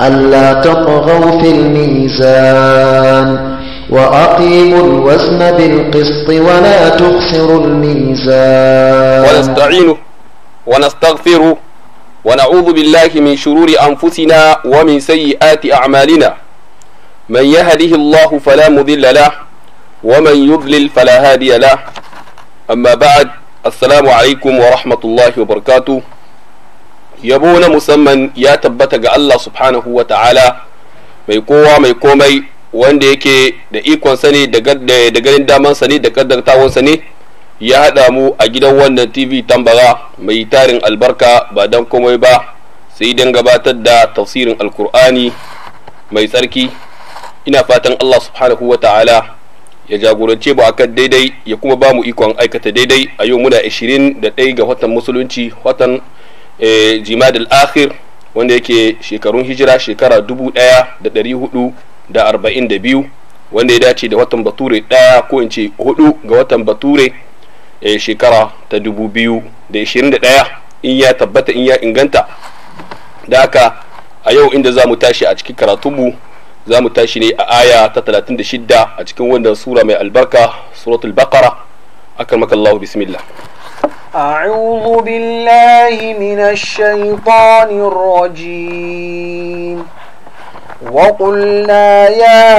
ألا تطغوا في الميزان وأقيموا الوزن بالقسط ولا تخسروا الميزان ونستعينه ونستغفره ونعوذ بالله من شرور أنفسنا ومن سيئات أعمالنا من يهده الله فلا مضل له ومن يضلل فلا هادي له أما بعد السلام عليكم ورحمة الله وبركاته yabo na musamman ya tabbata ga Allah subhanahu wa ta'ala mai kowa mai komai wanda yake da ikon sani da ganin daman sani da kaddartawan sani ya haɗa mu a gidan wannan tv tambara mai tarin albarka ba dan komai ba sai don gabatar da tafsirin alkur'ani mai tsarki ina fatan Allah subhanahu wa ta'ala ya jagorance mu akan daidai ya kuma ba mu ikon aikata daidai a yau muna 21 ga watan musulunci watan Eh, al akhir wanda yake shekarun hijira shekara dubu daya da ɗari hudu da arba'in da biyu wanda ya dace da watan bature daya ko in ce hudu ga watan bature eh, shekara ta dubu biyu da ishirin da daya in ya tabbata in ya inganta da haka a yau inda za mu tashi a cikin karatunmu za mu tashi ne a aya ta talatin da shidda a cikin wannan sura mai albarka suratul baqara akan makallahu bismillah أعوذ بالله من الشيطان الرجيم وقلنا يا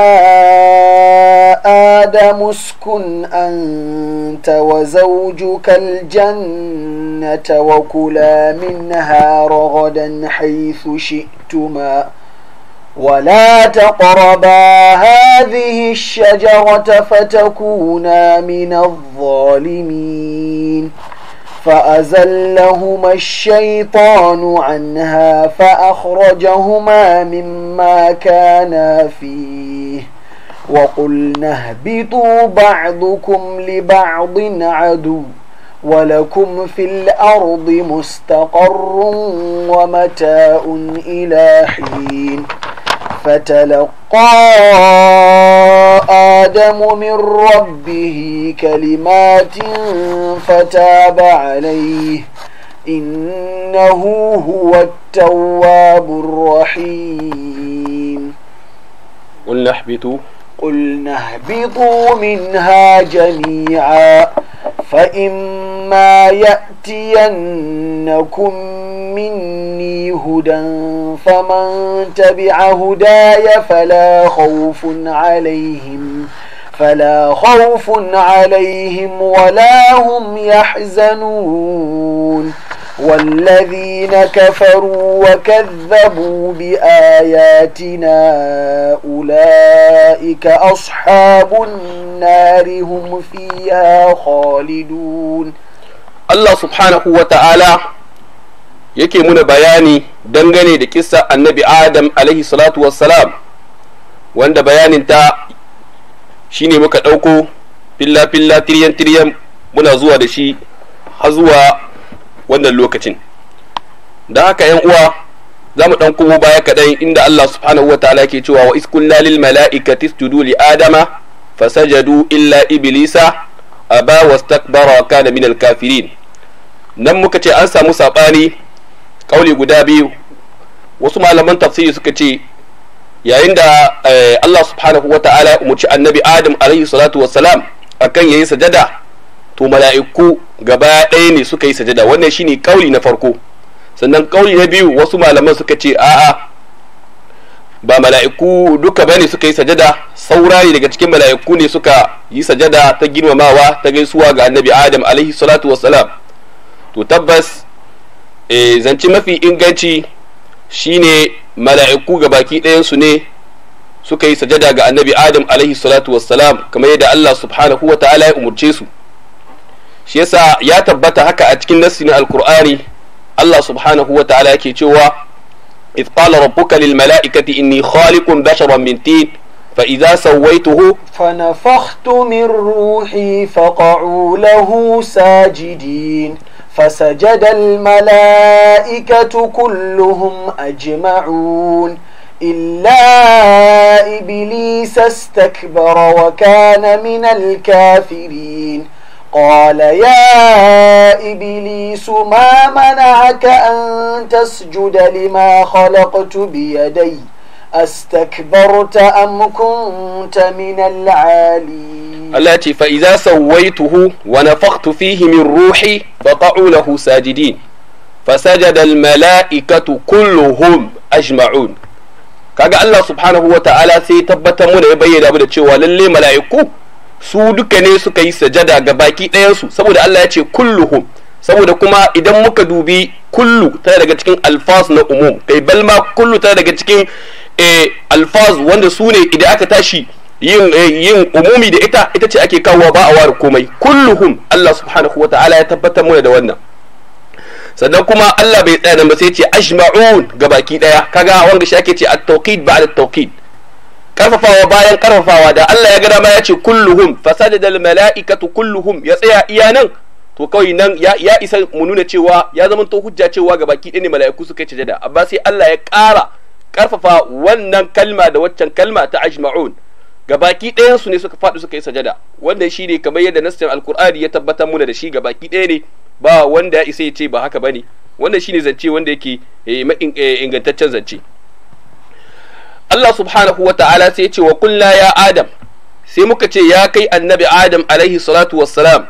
آدم اسكن أنت وزوجك الجنة وكلا منها رغدا حيث شئتما ولا تقربا هذه الشجرة فتكونا من الظالمين فأزلهما الشيطان عنها فأخرجهما مما كانا فيه وقلنا اهبطوا بعضكم لبعض عدو ولكم في الأرض مستقر ومتاء إلى حين فتلقى آدم من ربه كلمات فتاب عليه إنه هو التواب الرحيم قلنا اهبطوا قلنا اهبطوا منها جميعا فإما يأتينكم مني هدى فمن تبع هداي فلا خوف عليهم فلا خوف عليهم ولا هم يحزنون والذين كفروا وكذبوا بآياتنا أولئك أصحاب النار هم فيها خالدون الله سبحانه وتعالى yake muna bayani dangane da kissa annabi adam alaihi salatu wassalam wanda bayanin ta shine muka ɗauko filla-filla tiryan-tiryan muna zuwa da shi har zuwa wannan lokacin da haka yan uwa za mu ɗan kubo baya kaɗai inda Allah subhanahu wa ta'ala ke cewa wa iskun lil mala'ikati isjudu li adama fasajadu illa iblisa aba wastakbara kana minal kafirin nan muka ce an samu saɓani kauli guda biyu wasu malaman tafsiri suka ce yayin da eh, Allah subhanahu wa ta'ala umarci annabi Adam alaihi salatu wa salam akan yayi sajada to mala'iku gaba ɗaya ne suka yi sajada wannan shine kauli na farko sannan kauli na biyu wasu malaman suka ce a'a ba mala'iku duka bane suka yi sajada saura daga cikin mala'iku ne suka yi sajada ta girmamawa ta gaisuwa ga annabi adam alaihi salatu wa salam to tabbas e zance mafi inganci shine mala'iku ga baki ɗayansu ne suka yi sajada ga annabi adam alaihi salatu wassalam kamar yadda allah subhanahu wa ta'ala ya umurce su shi yasa ya tabbata haka a cikin nassi na alkur'ani allah subhanahu wa ta'ala yake cewa إذ قال ربك للملائكة إني خالق بشرا من طين فإذا سويته فنفخت من روحي فقعوا له ساجدين فسجد الملائكة كلهم أجمعون إلا إبليس استكبر وكان من الكافرين قال يا إبليس ما منعك أن تسجد لما خلقت بيدي astakbarta am kunta min al Allah ce fa idza sawaituhu wa nafakhtu fihi min ruhi faqa'u lahu sajidin fasajada al-mala'ikatu kulluhum ajma'un kaga Allah subhanahu wa ta'ala sai tabbatar mu da ya bayyana mu da cewa lalle mala'iku su duka ne suka yi sajada ga baki ɗayansu saboda Allah ya ce kulluhum saboda kuma idan muka dubi kullu tana daga cikin alfas na umum kai balma kullu tana daga cikin Eh, alfaz wanda su ne idan aka tashi eh, yin umumi da ita ita ce ake kawo ba a ware komai kulluhum Allah subhanahu wa ta'ala ya tabbatar mana da wannan sannan kuma Allah bai tsaya nan ba sai ya ce ajma'un ga baki daya kaga wanda shi ake ce at-tawqid ba'da at-tawqid karfafawa bayan karfafawa da Allah ya ga dama ya ce kulluhum fasajada al-mala'ikatu kulluhum ya tsaya iya nan to kawai nan ya, ya isa mu nuna cewa ya zama to hujja cewa ga baki ɗaya ne mala'iku suka yi jada amma sai Allah ya ƙara karfafa wannan kalma da waccan kalma ta ajma'un gabaki ɗayan su ne suka faɗi suka yi sajada wannan shine kamar yadda nasin alkur'ani ya tabbatar muna da shi gabaki ɗaya ne ba wanda ya isa ya ce ba haka bane wannan shine zance wanda yake eh, eh, ingantaccen zance Allah subhanahu wa ta'ala sai ya ce wa kulla ya adam sai muka ce ya kai annabi adam alaihi salatu wassalam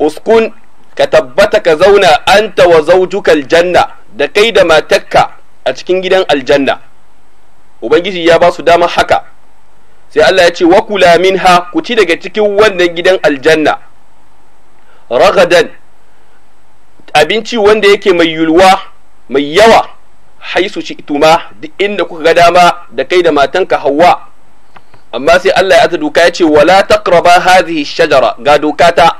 uskun ka tabbata ka zauna anta wa zaujukal janna da kai da matakka a cikin gidan aljanna ubangiji ya ba su dama haka sai Allah ya ce wa kula ha? ku ci daga cikin wannan gidan aljanna ragadan abinci wanda yake mai yulwa mai yawa haisu shi ituma duk inda kuka ga dama da kai da matanka hawa amma sai Allah ya ta doka ya ce wala taqraba hadhihi shajara ga doka ta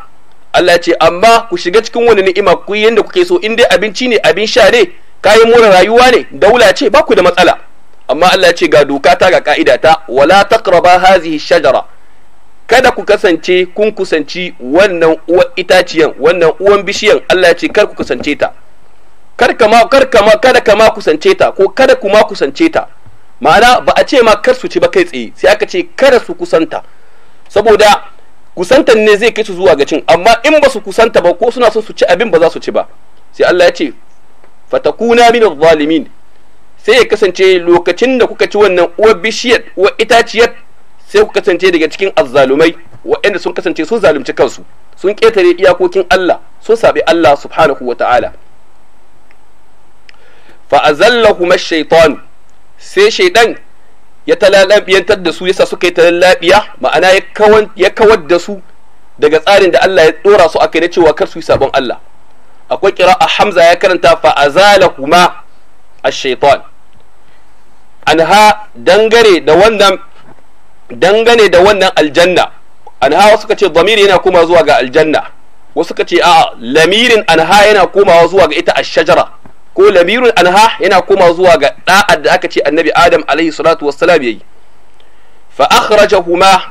Allah ya ce amma ku shiga cikin wani ni'ima ku yanda kuke so in dai abinci ne abin sha ne kayan more rayuwa ne daula ce baku da matsala amma Allah ce ga doka ta ga ka'ida ta wala taqraba hazihi shajara kada ku kasance kun kusanci wannan uwan itaciyan wannan uwan bishiyan Allah ce kar ku kusance ta kar kama kar ma kada kama kusance ta ko kada kuma kusance ta ma'ana ba a ce ma kar su ci ba kai tsaye sai aka ce kada su kusanta saboda kusantan ne zai kai su zuwa ga cin amma in ba su kusanta ba ko suna son su ci abin ba za su ci ba sai Allah ya ce fatakuna min zalimin sai ya kasance lokacin da kuka ci wannan uwar bishiyar uwa itaciyar sai ku kasance daga cikin azzalumai waɗanda sun kasance sun zalunci kansu sun ƙetare iyakokin Allah sun saɓi Allah subhanahu wa ta'ala fa'azallahuma shaitan sai shaidan ya talalabiyantar da su yasa suka yi talalabiya ma'ana ya kawar da su daga tsarin da Allah ya ɗora su a kai na cewa kar su yi sabon Allah akwai a hamza ya karanta fa azalahuma ash-shaytan anha dangare da wannan dangane da wannan aljanna An ha wasu ka ce, zamiri yana koma zuwa ga aljanna wasu ka ce, a lamirin an ha yana komawa zuwa ga ita ash-shajara ko lamirin an ha yana koma zuwa ga da'ad da aka ce annabi adam alaihi salatu wassalam yayi fa akhrajahuma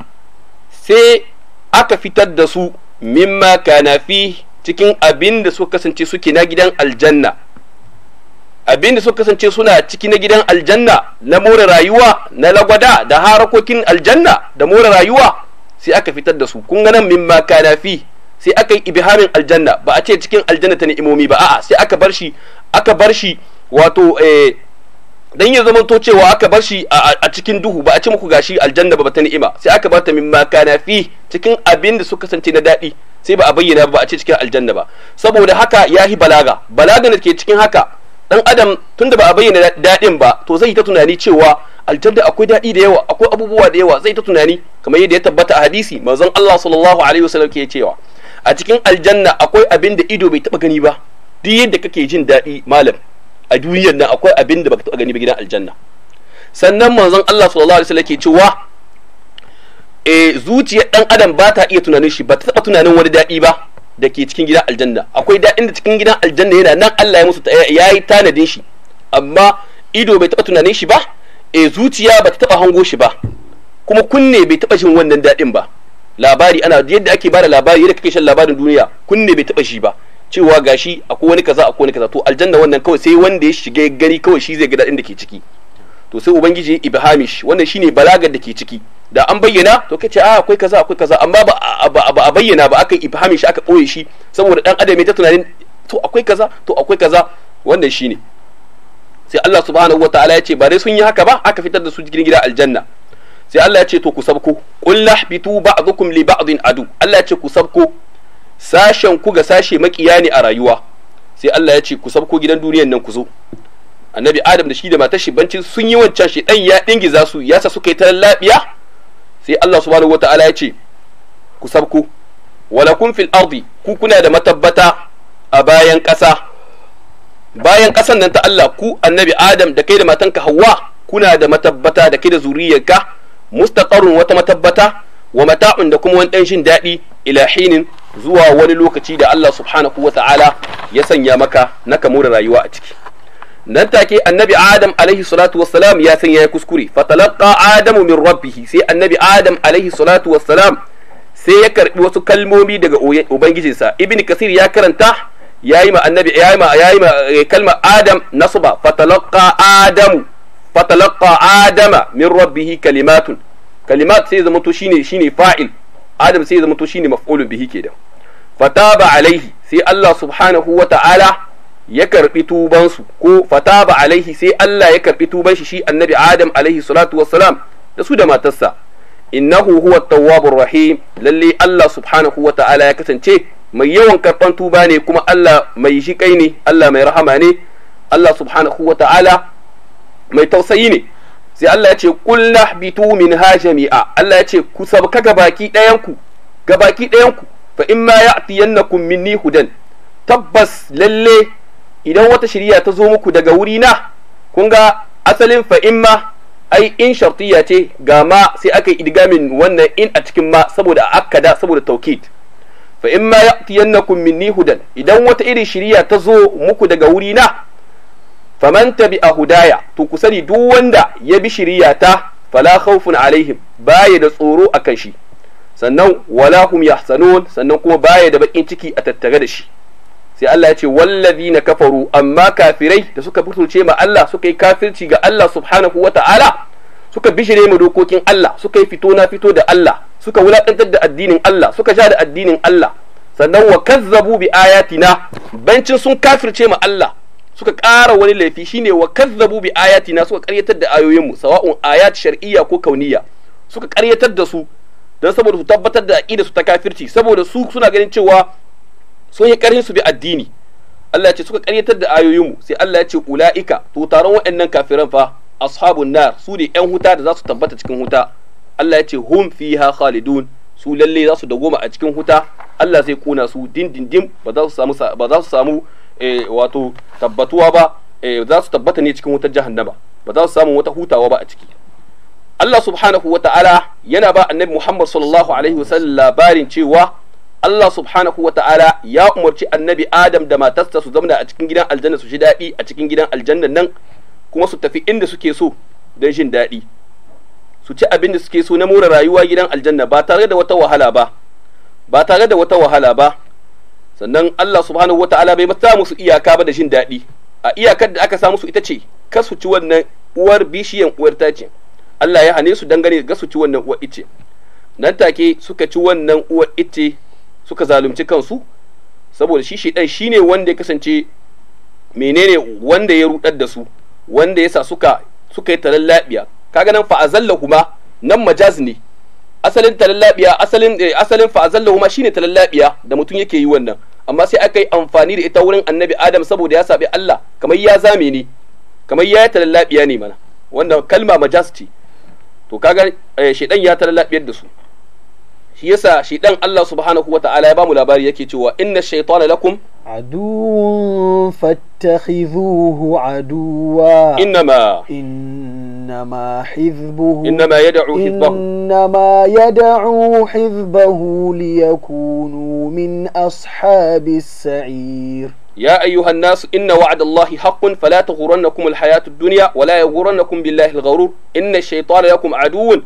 sai aka fitar da su mimma kana fi cikin abin da suka kasance suke na gidan aljanna abin da suka kasance suna ciki na gidan aljanna na more rayuwa na lagwada da harakokin aljanna da more rayuwa sai aka fitar da su kun ga nan mimma kana fi sai aka yi ibhamin aljanna ba a ce cikin aljanna ta ni'imomi ba a'a sai aka bar shi aka bar shi wato eh dan ya zama to cewa aka bar shi a cikin duhu ba a ci muku gashi aljanna ba ta ni'ima sai aka bar ta mimma kana fi cikin abin da suka kasance na daɗi sai ba a bayyana ba a ce cikin aljanna ba saboda haka ya yi balaga balaga da ke cikin haka dan adam tunda ba a bayyana daɗin ba to zai ta tunani cewa aljanna akwai daɗi da yawa akwai abubuwa da yawa zai ta tunani kamar yadda ya tabbata a hadisi manzon Allah sallallahu alaihi wasallam ke cewa a cikin aljanna akwai abin da ido bai taba gani ba duk yadda kake jin daɗi malam a duniyar nan akwai abin da baka taba gani ba gidan aljanna sannan manzon Allah sallallahu alaihi wasallam ke cewa e zuciyar dan adam ba ta iya tunanin shi ba ta taba tunanin wani daɗi ba da ke cikin gidan aljanna akwai daɗin da cikin gidan aljanna yana nan Allah ya musu ya yi tanadin shi amma ido bai taba tunanin shi ba e zuciya ba ta taba hango shi ba kuma kunne bai taba jin wannan daɗin ba labari ana yadda ake bada labari yadda kake shan labarin duniya kunne bai taba shi ba cewa gashi akwai wani kaza akwai wani kaza to aljanna wannan kawai sai wanda ya shiga gari kawai shi zai ga daɗin da ke ciki to sai ubangiji ibhamish wannan shine balagar da ke ciki da an bayyana to kace a ah, akwai kaza akwai kaza amma ba a bayyana ba aka ibhamish aka boye shi saboda dan adam ya ta tunanin to akwai kaza to akwai kaza wannan shine sai Allah subhanahu wataala ya ce ba dai sun yi haka ba aka fitar da su cikin gida aljanna sai Allah ya ce to ku sabko qul lahbitu ba'dukum li ba'din adu Allah ya ce ku sabko sashen ku ga sashe makiya ne a rayuwa sai Allah ya ce ku sabko gidan duniyar nan ku zo annabi adam da shi da matar shi bancin sun yi wancan shi dan ya dingiza su ya sa suka yi ta lafiya sai Allah subhanahu wataala ya ce ku sabku walakum fil ardi ku kuna da matabbata a bayan ƙasa bayan ƙasan nan ta Allah ku annabi adam da kai da matanka Hawwa kuna da matabbata da kai da zuriyarka mustaqarrun wata matabbata wa mata'un da kuma wani dan shin daɗi ila hinin zuwa wani lokaci da Allah subhanahu wataala ya sanya maka na kamura rayuwa a ciki nan take annabi adam alaihi salatu wassalam ya san yayi kuskure talaqa adamu min rabbih sai annabi adam alaihi salatu wassalam sai ya karbi wasu kalmomi daga ubangijinsa ibn kasir ya karanta yayi ma annabi yayi ma yayi ma eh, kalma adam nasba fatalaqa adamu talaqa adama min rabbih kalimatun kalimat sai zama to shine shine fa'il adam sai zama to shine maf'ul bihi kenan fataba alaihi sai Allah subhanahu wa ta'ala ya karbi tubansu ko fataba alaihi sai Allah ya karbi tuban shi shi annabi Adam alaihi salatu wassalam da su da matarsa innahu huwa tawwabur rahim lalle Allah subhanahu wa ta'ala ya kasance mai yawan karban tuba ne kuma Allah mai shiƙai ne Allah mai rahama ne Allah subhanahu wa ta'ala mai tausayi ne sai Allah ya ce kullah bitu min ha jami'a Allah ya ce ku sabka gabaki ɗayanku gabaki ku fa in ma ya'tiyannakum minni hudan tabbas lalle idan wata shirya ta zo muku daga wuri na kun ga asalin fahimma ai in shartiya ce ga ma sai aka yi idgamin wannan in a cikin ma saboda akkada saboda taukid fa ma ya'tiyannakum minni hudan idan wata irin shirya ta zo muku daga wuri na faman a hudaya to ku sani duk wanda ya bi shirya ta fala khawfun alaihim baya da tsoro akan shi sannan wala hum yahsanun sannan kuma baya da bakin ciki a tattare da shi sai Allah ya ce na kafaru amma kafirai da suka fitulce ma Allah suka yi kafirci ga Allah subhanahu wa ta'ala suka bishire mu dokokin Allah suka yi fito na fito da Allah suka wulakantar da addinin Allah suka sha da addinin Allah sannan wa kazzabu bi ayatina bancin sun kafirce ma Allah suka ƙara wani laifi shine wa kazzabu bi ayatina suka ƙaryatar da ayoyin mu sawa'un ayat shar'iyya ko kauniyya suka ƙaryatar da su don saboda su tabbatar da aƙida su ta kafirci saboda su suna ganin cewa sun yi karin su bi addini Allah ya ce suka karyatar da ayoyin mu sai Allah ya ce ula'ika to taron waɗannan kafiran fa ashabun nar su ne yan huta da za su tabbata cikin huta Allah ya ce hum fiha khalidun su lalle za su dagoma a cikin huta Allah zai kona su dindindim ba za su samu ba za su samu eh, wato tabbatuwa ba eh, za su tabbata ne cikin wutar jahannama ba za su samu wata hutawa ba a ciki Allah subhanahu wa ta'ala yana ba annabi Muhammad sallallahu alaihi wasallam labarin cewa Allah subhanahu wa ta'ala ya umarci annabi Adam da matarsa su zauna a cikin gidan aljanna su ji daɗi a cikin gidan aljanna nan kuma su tafi inda suke so don jin daɗi su ci abin da suke so na more rayuwa gidan aljanna ba tare da wata wahala ba ba tare da wata wahala ba sannan Allah subhanahu wa ta'ala bai mata musu iyaka ba da jin daɗi a iyakar da aka sa musu ita ce ka su ci wannan uwar bishiyan uwar tace Allah ya hane su dangane ga su ci wannan uwar ice nan take suka ci wannan uwar ice suka zalunci kansu saboda shi shaidan shine wanda ya kasance menene wanda ya rudar da su wanda yasa suka suka yi talallabiya kaga nan fa azallahuma nan majaz ne asalin talallabiya asalin eh, asalin fa azallahuma shine talallabiya da mutum yake yi wannan amma sai aka yi amfani da ita wurin annabi adam saboda ya sabi Allah kamar ya zame ne kamar ya talallabiya ne mana wanda kalma majaz ce to kaga eh, shaidan ya talallabiyar da su shi yasa shaidan Allah subhanahu wa ta'ala ya bamu labari yake cewa inna shaytana lakum aduwwun fattakhidhuhu aduwwa innama innama hizbuhu innama yad'u hizbahu innama yad'u hizbahu liyakunu min ashabis sa'ir يا أيها الناس إن وعد الله حق فلا تغرنكم الحياة الدنيا ولا يغرنكم بالله الغرور إن الشيطان لكم عدو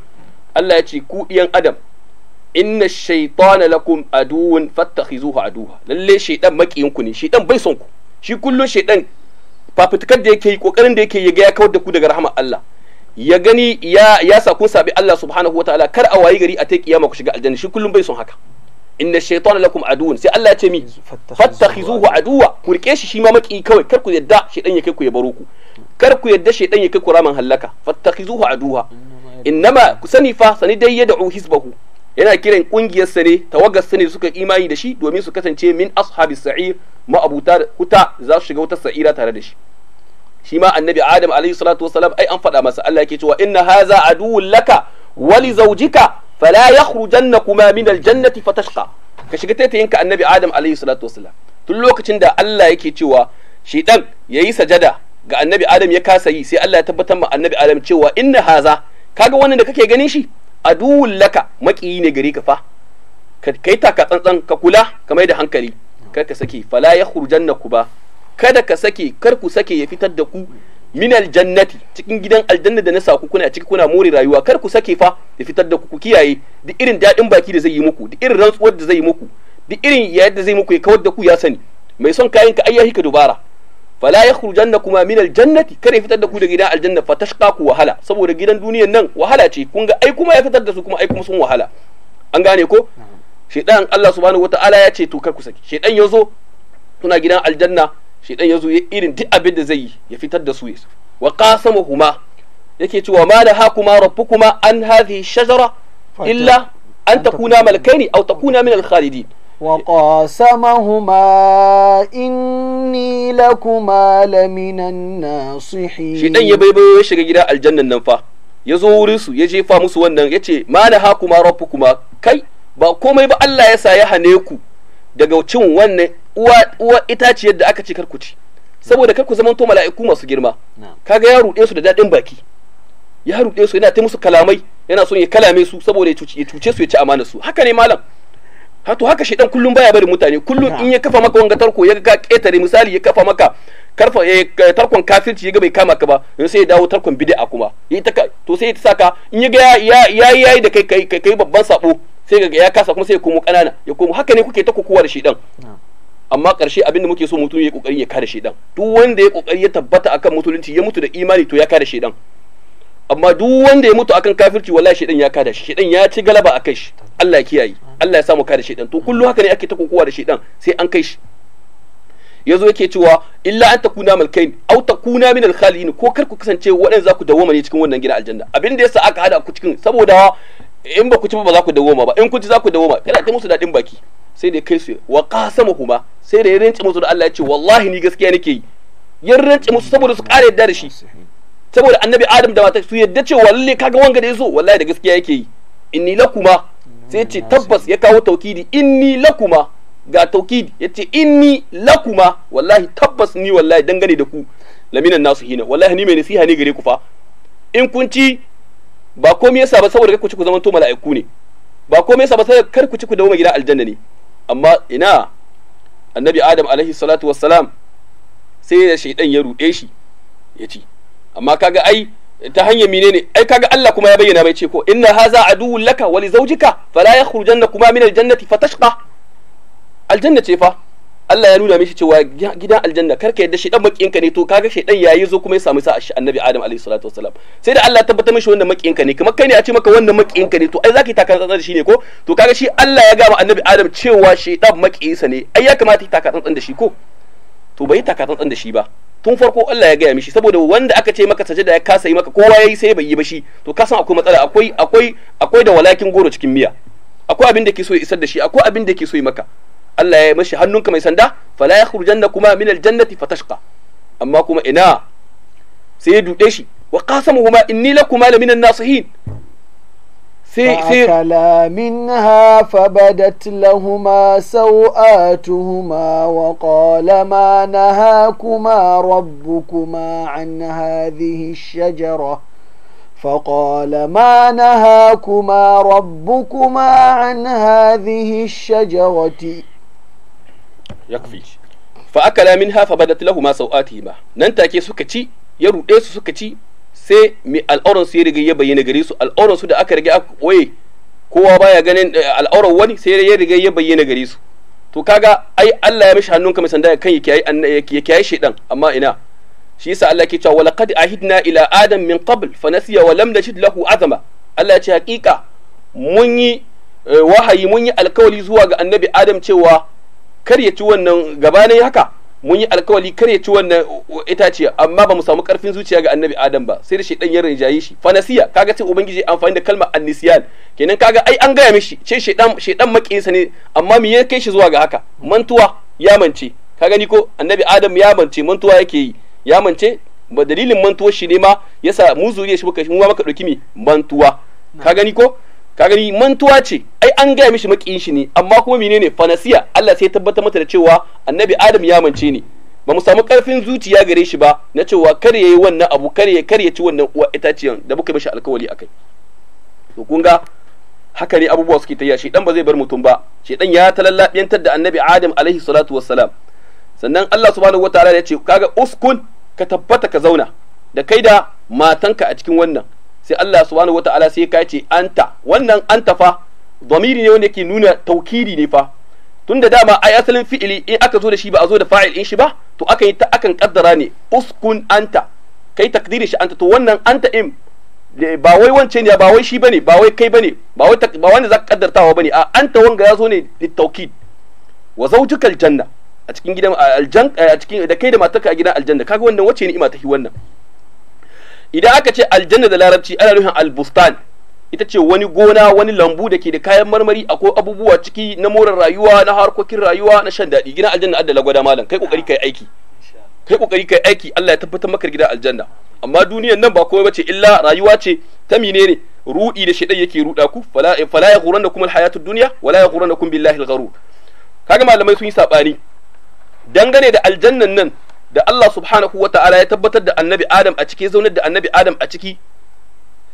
الله يتشي كو إيان أدم inna shaitana lakum aduwwun fattakhizuhu aduwa lalle shaydan makiyin ku ne shaydan bai son ku shi kullun shaydan fafutukar da yake yi kokarin da yake yaga ya kawar da ku daga rahmar Allah ya gani ya ya sa kun sabi Allah subhanahu wataala kar a wayi gari a ta kiyama ku shiga aljanna shi kullun bai son haka inna shaitana lakum aduwwun sai Allah ya ce mi fattakhizuhu aduwa ku rike shi shi ma maki kawai kar ku yadda shaydan ya kai ku ya baro ku kar ku yadda shaydan ya kai ku ramin halaka fattakhizuhu aduwa innama ku sani fa sani dai ya da'u hisbahu yana kiran kungiyarsa ne tawagarsa ne suka imani da shi domin su kasance min ashabi sa'ir ma'abuta huta za su shiga wata sa'ira tare da shi shi ma annabi adam alaihi salatu wasalam ai an faɗa masa Allah yake cewa inna haza aduwwun laka wa li zawjika fala yakhrujannakuma min aljannati fatashqa ka shiga taitayinka annabi adam alaihi salatu wasalam tun lokacin da Allah yake cewa shedan yayi sajada ga annabi adam ya kasa yi sai Allah ya tabbatar ma annabi adam cewa inna haza kaga wannan da kake ganin shi aduwul laka maƙiyi ne gare ka fa ka kai taka tsantsan ka kula ka mai da hankali kar ka sake fala ya na ku ba kada ka sake kar ku sake ya fitar da ku min aljannati cikin gidan aljanna da na sa ku kuna ciki kuna more rayuwa kar ku sake fa ya fitar da ku ku kiyaye duk irin daɗin baki da zai yi muku duk irin rantsuwar da zai yi muku duk irin yayar da zai muku ya kawar da ku ya sani mai son kayan ka ayyahi ka dubara fala yakhrujanna kuma min aljannati ya fitar da ku da gidan aljanna fa tashqa ku wahala saboda gidan duniyan nan wahala ce kun ga ai kuma ya fitar da su kuma ai kuma sun wahala an gane ko shedan Allah subhanahu wataala ya ce to kar ku saki shedan yazo tuna gidan aljanna shedan yazo ya irin duk abin da zai yi ya fitar da su wa muhuma. yake cewa ma da hakuma rabbukuma an hadhihi shajara illa an takuna malakaini aw takuna min al-khalidin وقاسمهما inni lakuma laminan nasihin shi dan ya baibayo ya shiga gida aljannan nan fa ya zo wurin su ya jefa musu wannan ya ce ma na hakuma rabbukuma kai ba komai ba Allah ya sa ya hane ku daga cin wannan uwa itace itaciyar da aka ce kar ku ci saboda kar ku zaman to mala'iku masu girma kaga ya ruɗe da dadin baki ya ruɗe yana ta musu kalamai yana son ya kalame su saboda ya cuce su ya ci amana su haka ne malam hato haka dan kullum baya bari mutane kullum in ya kafa maka wanga tarko ya ga ketare misali ya kafa maka karfa eh, tarkon kafirci ya ga bai kama ka ba sai ya dawo tarkon bid'a kuma yi ta to sai ya saka in ya ga ya yayi da kai kai kai babban sabo sai ga ya kasa kuma sai ya komo kanana ya komo haka ne kuke ta kokowa da dan. amma karshe abin da muke so mutum ya kokari ya kare dan duk wanda ya kokari ya tabbata akan mutunci ya mutu da imani to ya kare dan. amma duk wanda ya mutu akan kafirci wallahi shedan ya kada shi shedan ya ci galaba akan shi Allah ya kiyaye Allah ya samu kada shedan to kullu haka ne ake ta kokowa da shedan sai an kai shi yazo yake cewa illa an takuna malkain aw takuna min al khalin ko kar ku kasance waɗanda za ku dawoma ne cikin wannan gida aljanna abin da yasa aka hada ku cikin saboda in ba ku ci ba za ku dawoma ba in ku ci za ku dawoma kada ta musu dadin baki sai da kai su wa qasama huma sai da ya rance musu da Allah ya ce wallahi ni gaskiya nake yi ya rance musu saboda su ƙara yadda da shi saboda annabi adam da mata su yadda ce walle kaga wanga da yazo wallahi da gaskiya yake yi inni lakuma sai ce tabbas ya kawo taukidi inni lakuma ga taukidi yace inni lakuma wallahi tabbas ni wallahi dangane da ku laminan nasu hina wallahi ni mai nasiha ne gare ku fa in kun ci ba komai yasa ba saboda ku ci ku zaman to mala'iku ne ba komai yasa ba saboda kar ku ci ku dawo gida aljanna ne amma ina annabi adam alaihi salatu wassalam sai da shaidan ya ruɗe shi ya ci amma kaga ai ta hanyar mine ne ai kaga Allah kuma ya bayyana bai ce ko inna haza aduwwun laka wa li zawjika fala yakhrujanna kuma min aljannati fatashqa aljanna ce fa Allah ya nuna mishi cewa gidan aljanna karka yadda shi dan makinka ne to kaga shi dan yayi zo kuma ya samu sa annabi Adam alaihi salatu wassalam sai da Allah ya tabbatar mishi wannan makiyinka ne kamar kai ne a ce maka wannan makiyinka ne to ai zaka yi tsantsan da shi ne ko to kaga shi Allah ya gama annabi Adam cewa shi dan makiyinsa ne ai ya kamata yi tsantsan da shi ko to bai yi tsantsan da shi ba tun farko Allah ya gaya mishi saboda wanda aka ce maka sajada ya kasa yi maka kowa yayi sai bai yi ba shi to ka san akwai matsala akwai akwai akwai da walakin goro cikin miya akwai abin da ke so ya isar da shi akwai abin da ke so ya maka Allah ya mashi hannunka mai sanda fala yakhrujanna kuma min aljannati fatashqa amma kuma ina sai ya dude shi wa qasamuhuma inni lakuma lamina nasihin فأكلا منها فبدت لهما سوآتهما وقال ما نهاكما ربكما عن هذه الشجرة فقال ما نهاكما ربكما عن هذه الشجرة يكفي فأكلا منها فبدت لهما سوآتهما ننتاكي سكتي يرؤيس سكتي sai mai al'auran su ya riga ya bayyana gare su al'auran su da aka riga aka koye kowa baya ganin eh, al'auran wani sai ya riga ya bayyana gare su to kaga ai Allah ya mishi hannunka mai sanda kan ya kiyaye shedan amma ina shi yasa Allah ke cewa wa laqad ahidna ila adam min qabl fa nasiya wa lam najid lahu azama Allah ya ce hakika mun yi eh, wahayi mun yi alkawali zuwa ga annabi adam cewa kar ya ci wannan gabanin haka mun yi alkawali kare ci wannan itace amma ba mu samu karfin zuciya ga annabi adam ba sai da shaidan ya jayi shi fanasiya kaga sai ubangiji amfani da kalmar annisiyan kenan kaga ai an gaya mishi ce shaidan shaidan ne amma me ya kai shi zuwa ga haka mantuwa ya mance ka gani ko annabi adam ya mance mantuwa yake yi ya mance ba dalilin mantuwar shi ne ma yasa mu zuriya shi muka mu ma muka dauki mi mantuwa ka gani ko ka gani mantuwa ce ai an gaya mishi makiyin shi ne amma kuma menene fanasiya Allah sai ya tabbatar mata da cewa annabi Adam ya mance ne ba mu samu karfin zuciya gare shi ba na cewa kar yi wannan abu kar ya kar ya ci wannan uwa itaciyan da muka mishi alkawali akai to kun ga haka ne abubuwa suke tayya dan ba zai bar mutum ba shi dan ya talallabiyantar da annabi Adam alaihi salatu wassalam sannan Allah subhanahu wataala ya ce kaga uskun ka tabbata ka zauna da kai da matanka a cikin wannan sai Allah subhanahu wataala sai ka ce anta wannan anta fa dhamiri ne wanda yake nuna taukiri ne fa tunda dama ai asalin fi'ili in aka zo da shi ba a zo da fa'il in shi ba to aka yi ta akan kaddara ne uskun anta kai takdirin shi anta to wannan anta in ba wai wance ne ba wai shi bane ba wai kai bane ba wai ba wanda zaka kaddartawa bane a anta wanga ya zo ne da taukid wa zawjukal janna a cikin gidan aljanna a cikin da kai da matarka a gidan aljanna kaga wannan wace ni'ima ta hi wannan idan aka ce aljanna da larabci ana nufin albustan ita ce wani gona wani lambu da ke da kayan marmari akwai abubuwa ciki na more rayuwa na harkokin rayuwa na shan daɗi gina aljanna adda lagwada malam kai kokari kai aiki kai kokari kai aiki Allah ya tabbatar maka gida aljanna amma duniyan nan ba komai bace illa rayuwa ce ta menene Ruɗi da shedai yake ruda ku fala fala ya kumul hayatud dunya wala ya kum billahi al-gharur kaga malamai sun yi sabani dangane da aljannan nan da Allah subhanahu wa ta'ala ya tabbatar da annabi Adam a ciki zaunar da annabi Adam a ciki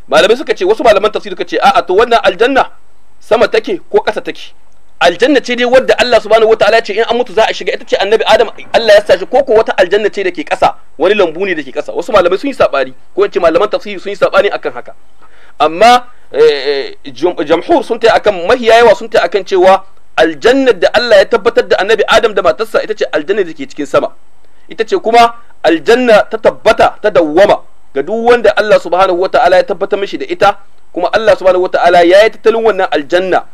malamai suka ce wasu malaman tafsir suka ce a'a to wannan aljanna sama take ko ƙasa take aljanna ce dai wadda Allah subhanahu wa ta'ala ce in an mutu za a shiga ita ce annabi Adam Allah ya sa shi koko wata aljanna ce dake ƙasa wani lambu ne dake ƙasa wasu malamai sun yi sabani ko in ce malaman tafsir sun yi sabani akan haka amma eh, eh, jamhur sun ta akan mahiya yawa sun ta akan cewa aljannar da Allah ya tabbatar da annabi Adam da matarsa ita ce aljannar da ke cikin sama ita ce kuma aljanna ta tabbata ta dawwama ga duk wanda Allah subhanahu wata'ala ya tabbata mishi da ita kuma Allah subhanahu wata'ala ya yi tattalin wannan aljanna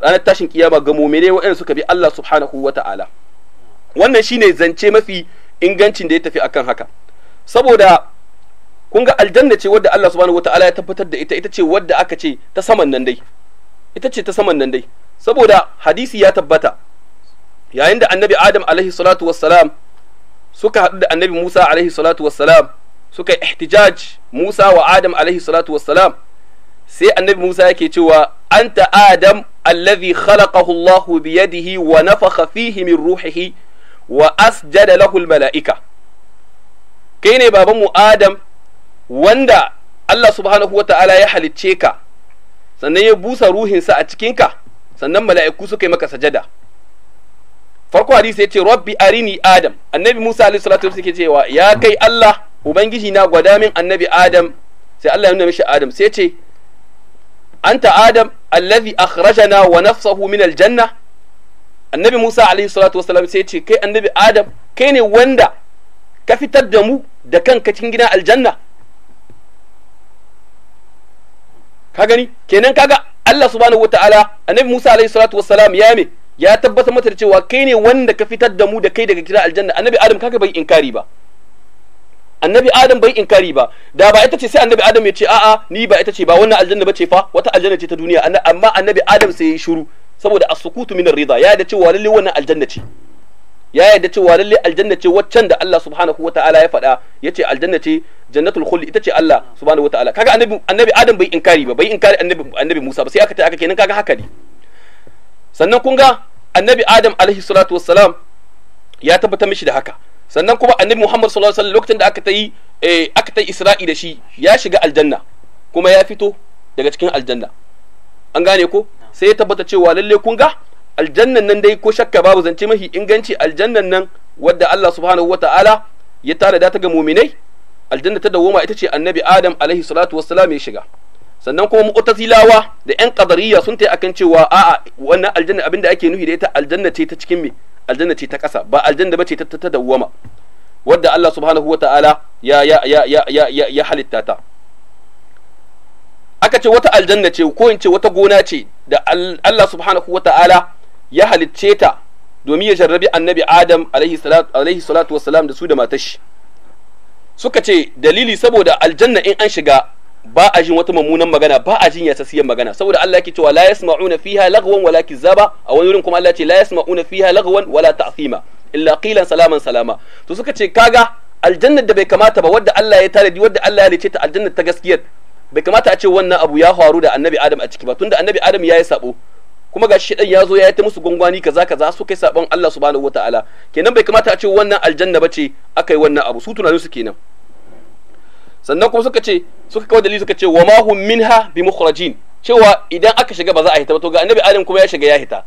ranar tashin kiyama ga mumine wa'in suka bi Allah subhanahu wata'ala wannan shine zance mafi ingancin da ya tafi akan haka saboda kun ga aljanna ce wadda Allah subhanahu wata'ala ya tabbatar da ita ita ce wadda aka ce ta saman nan dai ita ce ta saman nan dai saboda hadisi ya tabbata yayin da annabi adam alaihi salatu wassalam suka haɗu da annabi Musa alaihi salatu wassalam suka ihtijaj Musa wa Adam alaihi salatu wassalam sai annabi Musa yake cewa anta Adam alladhi khalaqahu Allah bi yadihi wa nafakha fihi min ruhihi wa asjada lahu malaika kai ne baban mu Adam wanda Allah subhanahu wa ta'ala ya halicce ka sannan ya busa ruhinsa a cikinka sannan mala'iku suka yi maka sajada farko hadisi ce rabbi arini adam annabi musa alaihi salatu wasallam yake cewa ya kai allah ubangiji na gwada min annabi adam sai allah ya nuna mishi adam sai ce anta adam allazi akhrajana wa nafsahu min aljanna annabi musa alaihi salatu wasallam sai ce kai annabi adam kai ne wanda ka fitar da mu da kanka cikin gidan aljanna ka gani kenan kaga allah subhanahu wataala annabi musa alaihi salatu wasallam ya me ya tabbatar mata da cewa kai ne wanda ka fitar da mu da kai daga gida aljanna annabi adam kaga bai inkari ba annabi adam bai inkari ba da ba ita ce sai annabi adam ya ce a'a ni ba ita ce ba wannan aljanna ce fa wata aljanna ce ta duniya amma annabi adam sai ya shiru saboda as-sukutu min ar-ridha ya yarda cewa lalle wannan aljanna ce ya yarda cewa lalle aljanna ce waccan da Allah subhanahu wataala ya faɗa yace aljanna ce jannatul khuld ita ce Allah subhanahu wataala kaga annabi annabi adam bai inkari ba bai inkari annabi annabi Musa ba sai aka ta aka kenan kaga haka ne sannan kun ga annabi adam alaihi salatu wassalam ya tabbatar mishi da haka sannan kuma annabi muhammad sallallahu alaihi wasallam lokacin da aka ta yi eh, aka ta isra'i da shi ya shiga aljanna kuma ya fito daga cikin aljanna an gane ko sai ya tabbata cewa lalle kun ga aljannan nan dai ko shakka babu zance mahi inganci aljannan nan wadda Allah subhanahu wataala ya tare da ta ga muminai aljanna ta dawoma ita ce annabi adam alaihi salatu wassalam ya shiga sannan kuma mu'tazilawa da yan qadariyya sun tai akan cewa a'a wannan aljanna abinda ake nufi da ita aljanna ce ta cikin me aljanna ce ta ƙasa ba aljanna ce ta ta dawwama wadda Allah subhanahu wata'ala ya ya ya ya ya ya halitta ta aka ce wata aljanna ce ko in ce wata gona ce da Allah subhanahu wata'ala ya halicce ta domin ya jarrabi annabi Adam alaihi salatu alaihi salatu wassalam da su da matashi suka ce dalili saboda aljanna in an shiga ba a jin wata mummunan magana ba a jin yasasiyar magana saboda Allah yake cewa la yasma'una fiha lagwan wala kizaba a wani wurin kuma Allah ce la yasma'una fiha lagwan wala ta'thima illa qilan salaman salama to suka ce kaga aljannar da bai kamata ba wadda Allah ya tanadi wadda Allah ya lice ta aljannar ta gaskiyar bai kamata a ce wannan abu ya faru da annabi Adam a ciki ba tunda annabi Adam ya yi sabo kuma ga shi ya zo ya yi ta musu gwangwani kaza kaza su kai sabon Allah subhanahu wataala kenan bai kamata a ce wannan aljanna ba ce aka yi wannan abu su tunanin su kenan sannan kuma suka ce suka kawo dalili suka ce wa ma hum minha bi mukhrajin cewa idan aka shiga ba za a hita ba to ga annabi adam kuma ya shiga ya hita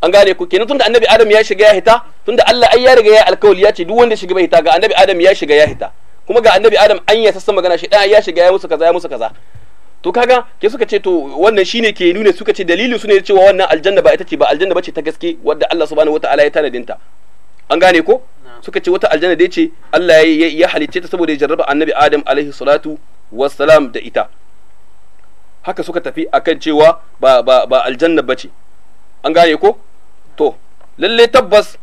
an gane ku kenan tunda annabi adam ya shiga ya hita tunda Allah ai ya riga ya alkawali ya ce duk wanda shiga bai hita ga annabi adam ya shiga ya hita kuma ga annabi adam an ya sassan magana shi dan ya shiga ya musu kaza ya musu kaza to kaga ke suka ce to wannan shine ke nuna suka ce dalilin su ne cewa wannan aljanna ba ita ce ba aljanna ce ta gaske wadda Allah subhanahu wataala ya tanadinta an gane ko suka ce wata aljanna dai ce Allah ya halicce ta saboda ya jarraba annabi Adam alaihi salatu wassalam da ita haka suka tafi akan cewa ba ba ba aljanna bace an gane ko to lalle tabbas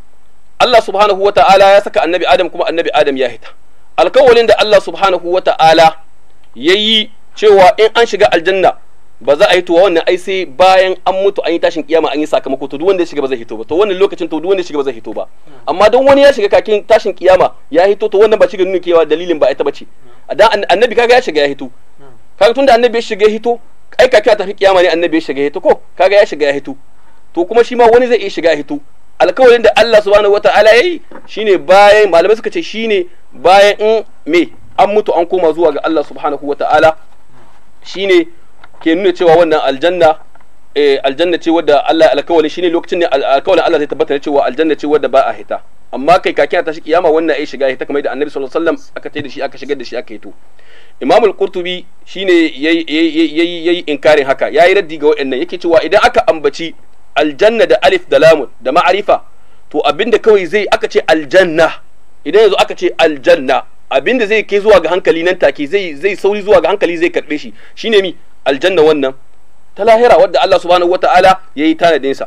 Allah subhanahu wata'ala ya saka annabi Adam kuma annabi Adam ya hita alkawalin da Allah subhanahu wata'ala yayi cewa in an shiga aljanna ba za a yi tuwa wannan ai sai bayan an mutu an yi tashin kiyama an yi sakamako to duk wanda ya shiga ba zai hito ba to wannan lokacin to duk wanda ya shiga ba zai hito ba amma don wani ya shiga kakin tashin kiyama ya hito to wannan ba shiga nuna kewa dalilin ba ita bace dan annabi kaga ya shiga ya hito kaga tunda annabi ya shiga ya hito ai kakin tafi kiyama ne annabi ya shiga ya hito ko kaga ya shiga ya hito to kuma shi ma wani zai iya shiga ya hito alkawarin da Allah subhanahu wataala yayi shine bayan malamai suka ce shine bayan in me an mutu an koma zuwa ga Allah subhanahu wataala shine ke nuna cewa wannan aljanna eh, aljanna ce wadda Allah alkawali shine lokacin ne alkawalin Allah zai tabbatar cewa aljanna ce wadda ba a hita amma kai kake ta shi kiyama wannan ai shiga hita kamar da Annabi sallallahu alaihi wasallam aka tai da shi aka shigar da shi aka hito Imam al-Qurtubi shine yayi yayi inkarin haka yayi raddi ga wayannan yake cewa idan aka ambaci aljanna da alif da lam da ma'arifa to abinda kawai zai aka ce aljanna idan yanzu aka ce aljanna abinda zai kai zuwa ga hankali nan take zai zai sauri zuwa ga hankali zai karbe shi shine mi aljanna wannan ta lahira wadda Allah subhanahu wataala yi tanadin sa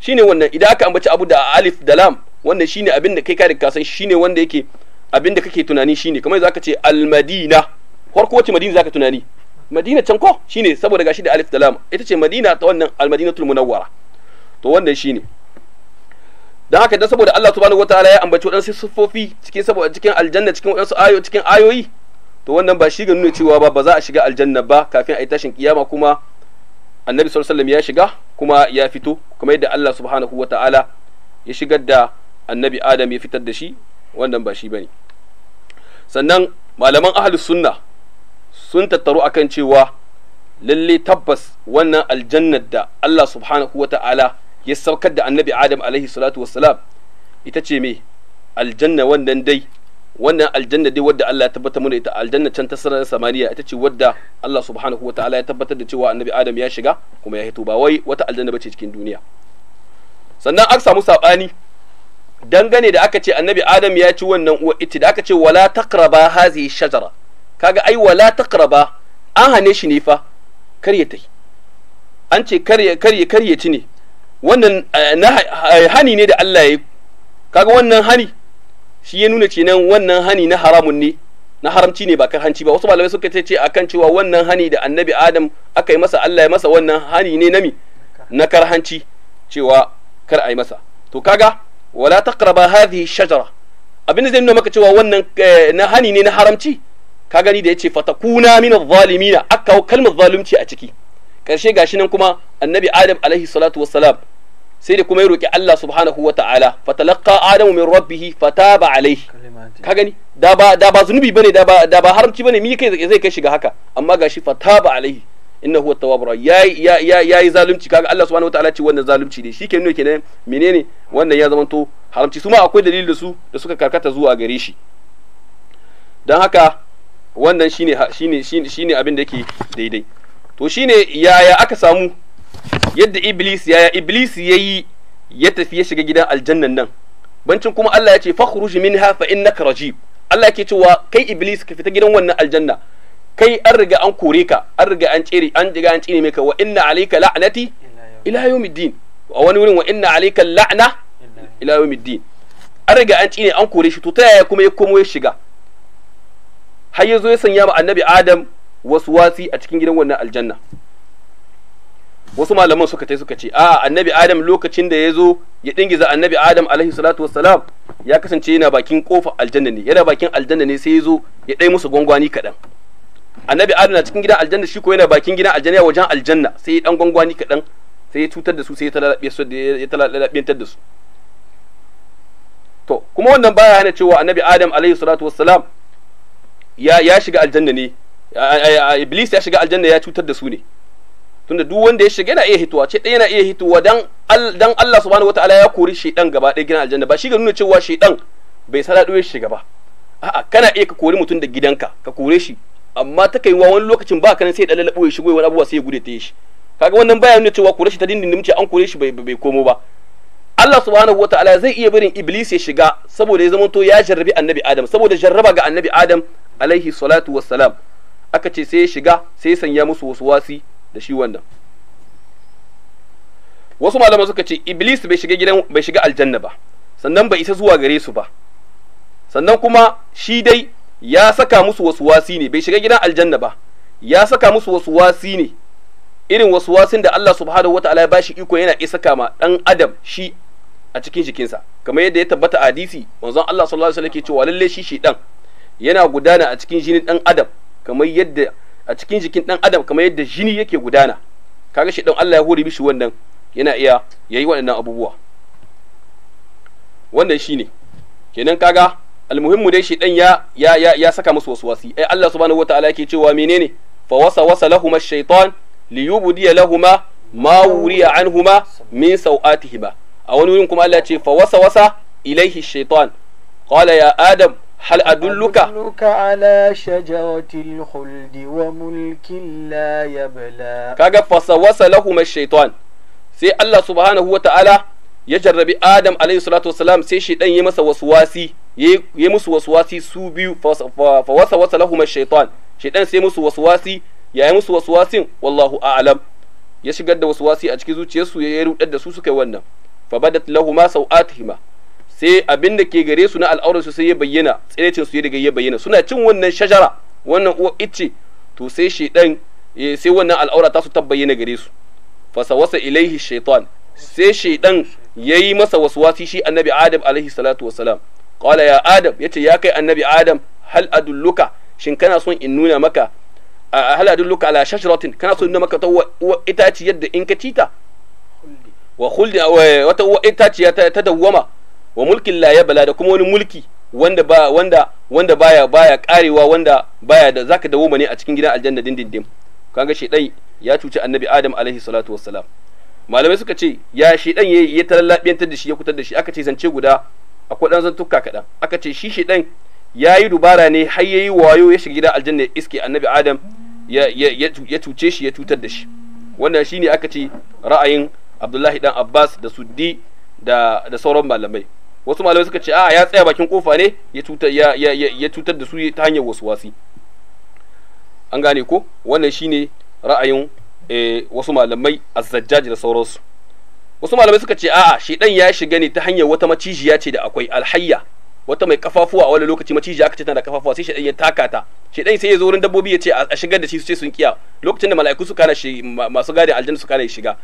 shine wannan idan aka ambaci abu da alif da lam wannan shine abin da kai ka riga san shine wanda yake abin da kake tunani shine kamar zaka ce almadina farko wace madina zaka tunani madina can ko shine saboda gashi da alif da lam ita ce madina ta wannan almadinatul munawwara to wannan shine dan haka dan saboda Allah subhanahu wataala ya ambaci wadansu siffofi cikin saboda cikin aljanna cikin wadansu ayo cikin ayoyi to wannan ba shi ga nuna cewa ba ba za a shiga aljanna ba kafin a yi tashin kiyama kuma annabi sallallahu alaihi ya shiga kuma ya fito kuma yadda Allah subhanahu ta'ala ya shigar da annabi adam ya fitar da shi wannan ba shi ba ne. sannan malaman ahlus sunna sun tattaru akan cewa lalle tabbas wannan aljannar da Allah subhanahu ta'ala ya saukar da annabi adam alaihi salatu wassalam ita ce me aljanna wannan dai wannan aljanna dai wadda Allah ya tabbatar mana ita aljanna can ta sararin samaniya ita ce wadda Allah subhanahu wa ta'ala ya tabbatar da cewa annabi Adam ya shiga kuma ya hito ba wai wata aljanna bace cikin duniya sannan aka samu sabani dangane da aka ce annabi Adam ya ci wannan uwa ita da aka ce wala taqraba hazihi shajara kaga ai wala taqraba an hane shi ne fa Kar ya tai an ce karye karye karye ci ne wannan eh, eh, hani ne da Allah ya yi kaga wannan hani shi ya nuna nan wannan hani na haramun ne na haramci ne ba hanci ba wasu malamai suka ce akan cewa wannan hani da annabi adam aka yi masa Allah ya masa wannan hani ne nami na kar hanci. cewa kar a yi masa to kaga wala taqraba hadhihi shajara abin da zai nuna maka cewa wannan eh, na hani ne na haramci ka gani da yace fatakuna min adh-dhalimin aka kalmar zalunci a ciki karshe gashi nan kuma annabi adam alaihi salatu wassalam sai da kuma ya roƙi Allah subhanahu wa ta'ala fatalaqa adamu min rabbih fataba alayhi ka gani da ba da ba zunubi bane da ba da ba haramci bane mi kai zai kai shiga haka amma gashi fataba alayhi inna huwa ya ya yi zalunci kaga Allah subhanahu wa ta'ala ce wannan zalunci ne shike nuna kenan menene wannan ya zamanto haramci su ma akwai dalilin da su da suka karkata zuwa gare shi dan haka wannan shine shine shine abin da yake daidai to shine yaya aka samu yadda iblis ya yi iblis yayi ya tafi ya shiga gidan aljannan nan bancin kuma Allah ya ce fakhruj minha fa innaka rajib Allah yake cewa kai iblis ka fita gidan wannan aljanna kai an riga an kore ka an riga an tsere an riga an tsine maka wa inna alayka la'nati ila yawmiddin a wani wurin wa inna alayka la'na ila yawmiddin an riga an tsine an kore shi to ta yaya kuma ya komo ya shiga har ya zo ya sanya ma annabi adam wasu wasi a cikin gidan wannan aljanna wasu malaman suka ce suka ce a annabi adam lokacin da ya zo ya dingiza annabi adam alaihi salatu wassalam ya kasance yana bakin kofa aljanna ne yana bakin aljanna ne sai ya zo ya dai musu gwangwani kaɗan annabi adam na cikin gidan aljanna shi ko yana bakin gidan aljanna wajen aljanna sai ya dan gwangwani kaɗan sai ya cutar da su sai ya talalabe su ya talalabe da su to kuma wannan baya hana cewa annabi adam alaihi salatu wassalam ya ya shiga aljanna ne iblis ya shiga aljanna ya cutar da su ne tunda duk wanda ya shiga yana iya hituwa ce ɗaya yana iya hituwa dan dan Allah subhanahu wataala ya kori shedan gaba ɗaya gidan aljanna ba shi ga nuna cewa shedan bai sada ya shiga ba a'a kana iya ka kori mutum da gidanka ka kore shi amma ta kai wani lokacin ba kana sai da lalabo ya shigo wani abuwa sai ya gude ta shi kaga wannan baya nuna cewa kore shi ta dindindin ce an kore shi bai bai komo ba Allah subhanahu wataala zai iya barin iblis ya shiga saboda ya zamanto ya jarrabi annabi adam saboda jarraba ga annabi adam alaihi salatu wassalam aka ce sai ya shiga sai ya sanya musu wasu wasi da shi wannan wasu malaman suka ce iblis bai shiga gidan bai shiga aljanna ba sannan bai isa zuwa gare su ba sannan kuma shi dai ya saka musu wasu wasi ne bai shiga gidan aljanna ba ya saka musu wasu wasi ne irin wasu wasin da Allah subhanahu wataala ya bashi iko yana isa kama dan adam shi a cikin jikinsa kamar yadda ya tabbata a hadisi manzon Allah sallallahu alaihi wasallam ke cewa lalle shi shi dan yana gudana a cikin jinin dan adam kamar yadda a cikin jikin dan adam kamar yadda jini yake gudana kaga shi dan Allah ya hore mishi wannan yana iya yayi waɗannan abubuwa wannan shine kenan kaga almuhimmu dai shi dan ya ya ya, ya saka musu waswasi ai Allah subhanahu wataala yake cewa menene fa wasawasa lahum ash-shaytan liyubdi lahum ma wuriya anhuma min sawatihima a wani wurin kuma Allah ya ce fa wasawasa ilaihi ash-shaytan qala ya adam hal adulluka ala shajaratil khuldi wa mulkin la bala. kaga fasawasa lahum shaitan sai Allah subhanahu wa ta'ala ya jarrabi Adam alaihi salatu wasalam sai shaitan ya masa waswasi ya musu waswasi su biyu fawasa wasa shaitan sai musu waswasi ya yi musu waswasin wallahu a'lam ya shigar da waswasi a cikin zuciyarsu ya rudar da su suka yi wannan fa badat lahum sau'atihima sai abin da ke gare su na al'aurar su sai ya bayyana tsirecin su daga ya bayyana suna cin wannan shajara wannan uwa ice to sai shaidan eh, sai wannan al'aura ta su ta bayyana gare su fasa wasa ilaihi shaitan sai shaidan yayi masa waswasi shi annabi adam alaihi salatu wasalam qala ya adam yace ya kai annabi adam hal adulluka shin kana son in nuna maka hal adulluka ala shajaratin kana son nuna maka ta itaci yadda in ka cita wa khuldi wata itaciya ta dawwama wa mulkin la ya bala da kuma wani mulki wanda ba wanda wanda baya baya karewa wanda baya da zaka dawo ne a cikin gidan aljanna dindindim kaga shedai ya cuci annabi adam alaihi salatu wassalam malamai suka ce ya shedan ya talallabiyantar da shi ya kutar da shi aka ce zance guda akwai dan zantukka kadan aka ce shi shedan ya yi dubara ne har yayi wayo ya shiga gidan aljanna ya iske annabi adam ya cuce shi ya cutar da shi wannan shine aka ce ra'ayin abdullahi dan abbas da suddi da sauran malamai wasu malamai suka ce a ya tsaya bakin kofa ne ya cutar ya ya ya tutar da su ta hanyar wasu wasi an gane ko wannan shine ra'ayin eh, wasu malamai azzajjaj da sauransu wasu malamai suka ce a'a shedan ya shiga ne ta hanyar wata macijiya ce da akwai alhayya wata mai kafafuwa a wani lokaci macijiya aka ce tana da kafafuwa sai shedan ya taka ta shedan sai ya zo wurin dabbobi ya ce a shigar da shi su ce sun kiya lokacin da mala'iku suka na masu gadi aljanna suka na shiga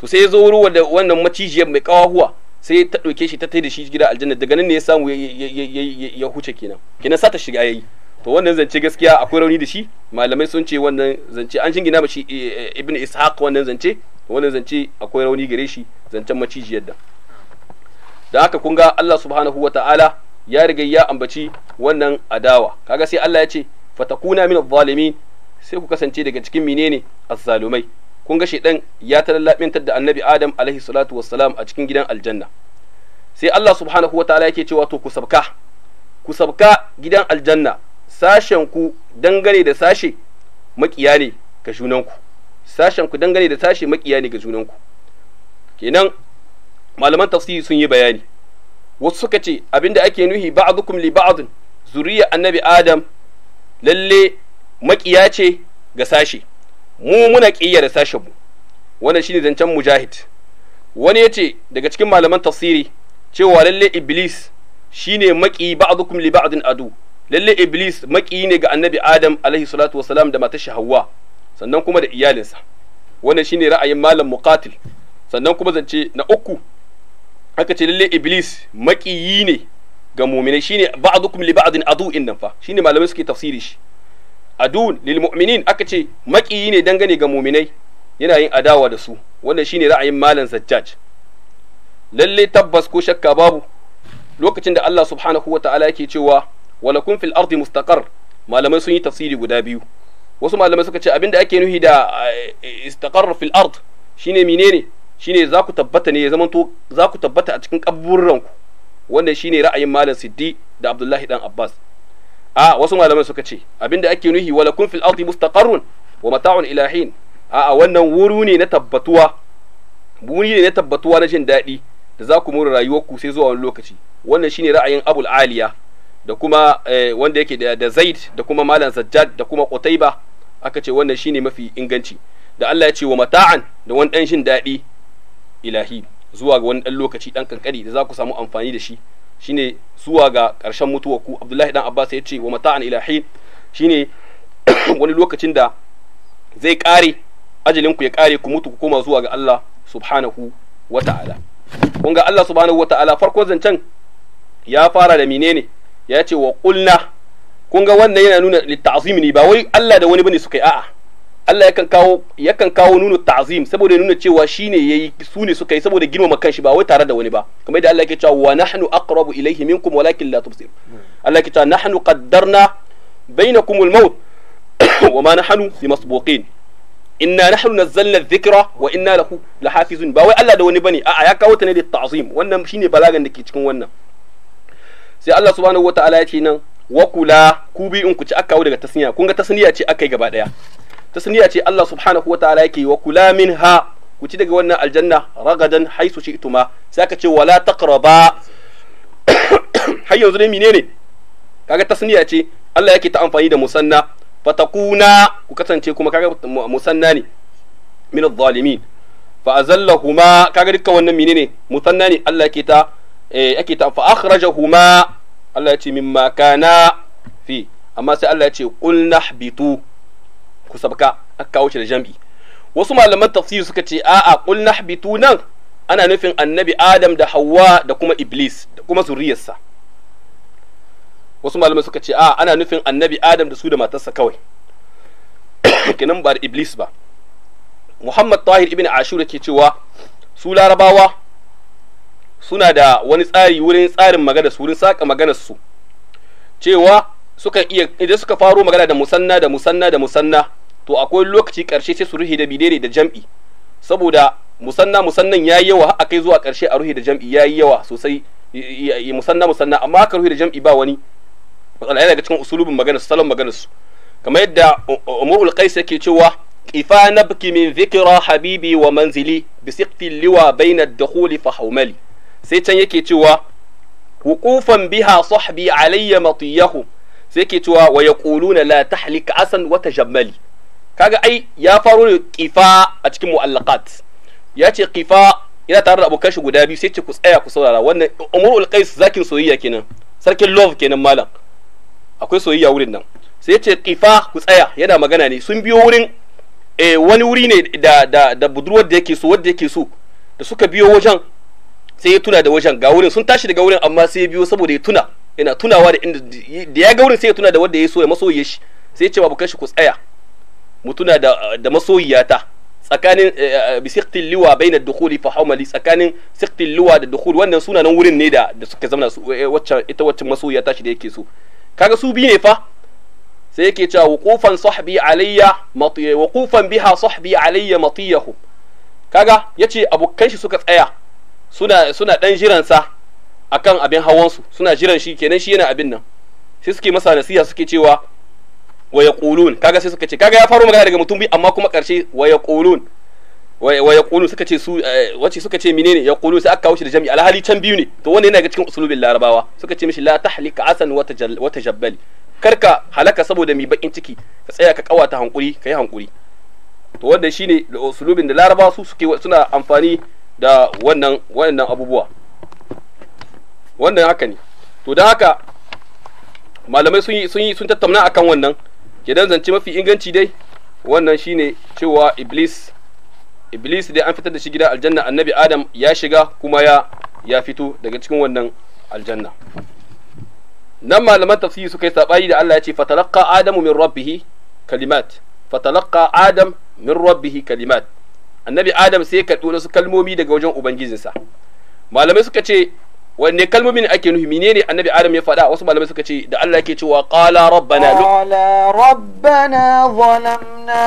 to sai ya zo wurin wannan macijiyar mai kafafuwa sai ta ɗauke shi ta tai da shi gida aljanna daga nan ne ya samu ya huce kenan kenan sa ta shiga yayi to wannan zance gaskiya akwai rauni da shi malamai sun ce wannan zance an jingina ba shi eh, ibn ishaq wannan zance wannan zance akwai rauni gare shi zancen macijiyar da da haka kun ga Allah subhanahu wata'ala ya riga ya ambaci wannan adawa kaga sai Allah ya ce fatakuna min adh sai ku kasance daga cikin menene azzalumai kun ga shedan ya talallabintar da annabi adam alaihi salatu wassalam a cikin gidan aljanna sai Allah subhanahu wa ta'ala yake cewa to ku sabka ku sabka gidan aljanna sashen ku dangane da sashe makiya ne ga junan ku. sashen ku dangane da sashe makiya ne ga junan ku. kenan malaman tafsiri sun yi bayani wasu suka ce abinda ake nuhi ba'dukum li ba'd zuriya annabi adam lalle makiya ce ga sashe mu muna ƙiyya da sashen mu wannan shine zancen mujahid wani yace daga cikin malaman tafsiri cewa lalle iblis shine maki ba'dukum li ba'din adu lalle iblis maki ne ga annabi adam alaihi salatu wasalam da matar shi hawwa sannan kuma da iyalinsa wannan shine ra'ayin malam muqatil sannan kuma zance na uku aka ce lalle iblis makiyi ne ga muminai shine ba'dukum li ba'din adu in fa shine malamai suke tafsiri shi adun lil mu'minin aka ce maƙiyi ne dangane ga muminai yana yin adawa da su wanda shine ra'ayin malam zajjaj lalle tabbas ko shakka babu lokacin da Allah subhanahu wata'ala yake cewa walakum fil ardi mustaqar malamai sun yi tafsiri guda biyu wasu malamai suka ce abinda ake nuhi da eh, istaqarra fil ard shine menene shine za ku tabbata ne ya zamanto za ku tabbata a cikin kaburranku wanda shine ra'ayin malam siddi da abdullahi dan abbas a wasu malaman suka ce abinda ake nuhi wala kun fil ardi mustaqarrun wa mata'un ila hin a wannan wuru ne na tabbatuwa wuri ne na tabbatuwa na jin daɗi da za ku mura rayuwarku sai zuwa wani lokaci wannan shine ra'ayin abul aliya da kuma eh, wanda yake da zaid da kuma malam zajjad da kuma qutaiba aka ce wannan shine mafi inganci da Allah ya ce wa mata'an da wani dan jin daɗi ilahi zuwa ga wani dan lokaci ɗan kankani da za ku samu amfani da shi shine zuwa ga ƙarshen mutuwar ku abdullahi dan abbas ya ce wa mata'an ilahi shine wani lokacin da zai ƙare ajalin ku ya ƙare ku mutu ku koma zuwa ga Allah subhanahu wa ta'ala kun ga Allah subhanahu wa ta'ala farko zancen ya fara da menene ya ce wa qulna kun ga wannan yana nuna litta'zim ne ba wai Allah da wani bane suka yi a'a Allah yakan kawo yakan kawo nuna ta'zim saboda nuna cewa shine yayi su ne suka yi saboda girmama kanshi ba wai tare da wani ba kamar yadda Allah yake cewa wa nahnu aqrabu ilayhi minkum walakin la tubsir Allah yake cewa nahnu qaddarna bainakum al-maut wa ma nahnu masbuqin inna nahnu nazzalna dhikra wa inna lahu lahafizun ba wai Allah da wani bane a ya kawo ta ne da ta'zim wannan shine balagan da ke cikin wannan sai Allah subhanahu ta'ala ya ce nan wa kula ku bi in ku ci aka kawo daga tasniya kun ga tasniya ce aka yi gaba daya tasniya ce Allah subhanahu wataala yake wa kula ha ku ci daga wannan aljanna ragadan haisu shi ituma sai aka ce wala taqraba har yanzu ne menene kaga tasniya ce Allah yake ta amfani da musanna fatakuna ku kasance kuma kaga musanna ne min adh-dhalimin fa azallahuma kaga dukkan wannan menene musanna ne Allah yake ta eh, yake ta fa akhrajahuma Allah ya ce mimma kana fi amma sai Allah ya ce qulna bitu ku sabka aka kawo shi da jambi wasu malaman tafsir suka ce a'a kul nahbitu nan ana nufin annabi adam da hawa da kuma iblis da kuma zuriyarsa wasu malaman suka ce a ana nufin annabi adam da su da matarsa kawai kinan ba da iblis ba muhammad tahir ibn ashura ke cewa su larabawa suna da wani tsari wurin tsarin magana su wurin saka magana su cewa suka iya idan suka faro magana da musanna da musanna da musanna to akwai lokaci karshe sai su rufe da bidere da jam'i saboda musanna musannan yayi yawa har akai zuwa karshe a rufe da jam'i yayi yawa sosai musanna musanna amma ka rufe da jam'i ba wani matsala yana daga cikin usulubin magana salon magana su kamar yadda umrul qais yake cewa kifa nabki min zikira habibi wa manzili bi siqti liwa bayna ad-dukhuli fa hawmali sai can yake cewa wuqufan biha sahbi alayya matiyahu sai yake cewa wa yaquluna la tahlik asan wa tajammali kaga ai ya faro da kifa a cikin mu'allaqat ya ce kifa yana tare da abokan shi guda biyu sai ce ku tsaya ku saurara wannan umrul qais zakin soyayya kenan sarkin love kenan malam akwai soyayya wurin nan sai ce kifa ku tsaya yana magana ne sun biyo wurin eh, wani wuri ne da da da budurwar da yake so wanda yake so da suka biyo wajen sai ya tuna da wajen ga wurin sun tashi daga wurin amma sai ya biyo saboda ya tuna yana tunawa da inda da ya ga wurin sai ya tuna da wanda ya so ya masoye shi sai ya ce babu kashi ku tsaya mutuna da da masoyiyata tsakanin eh, eh, bisiktin liwa bai na dukuli fa tsakanin siktin liwa da dukuli wannan suna nan wurin ne da da suka zama eh, ita wacce masoyiyata shi da yake so kaga su biyu ne fa sai yake cewa wuqufan sahbi alayya matiya wuqufan biha sahbi alayya matiyahu kaga yace abokan shi suka tsaya suna suna dan jiran sa akan abin hawan su suna jiran shi kenan shi yana abin nan sai suke masa nasiha suke cewa wa yaqulun kaga sai suka ce kaga ya faro magana daga mutum biyu amma kuma karshe wa yaqulun wa yaqulu suka ce su eh, wace suka ce menene yaqulu sai aka kawo shi da jami'a alhali can biyu ne to wannan yana ga cikin usulubin larabawa suka ce mishi la tahlika asan wa tajabbal karka halaka saboda mi bakin ciki ka tsaya ka kawata hankuri kai hankuri to wanda shine da usulubin da larabawa su suke suna amfani da wannan wannan abubuwa wannan haka ne to dan haka malamai sun yi sun tattauna akan wannan kenan zance mafi inganci dai wannan shine cewa iblis iblis dai an fitar da shi gida aljanna annabi adam ya shiga kuma ya ya fito daga cikin wannan aljanna nan malaman tafsiri suka yi sabayi da Allah ya ce fatalaqa adamu min rabbih kalimat fatalaqa adam min rabbih kalimat annabi adam sai ya karbi wasu kalmomi daga wajen ubangijinsa malamai suka ce wanne kalmomin ake nufi menene annabi adam ya faɗa wasu malamai suka ce da Allah yake cewa qala rabbana qala rabbana zalamna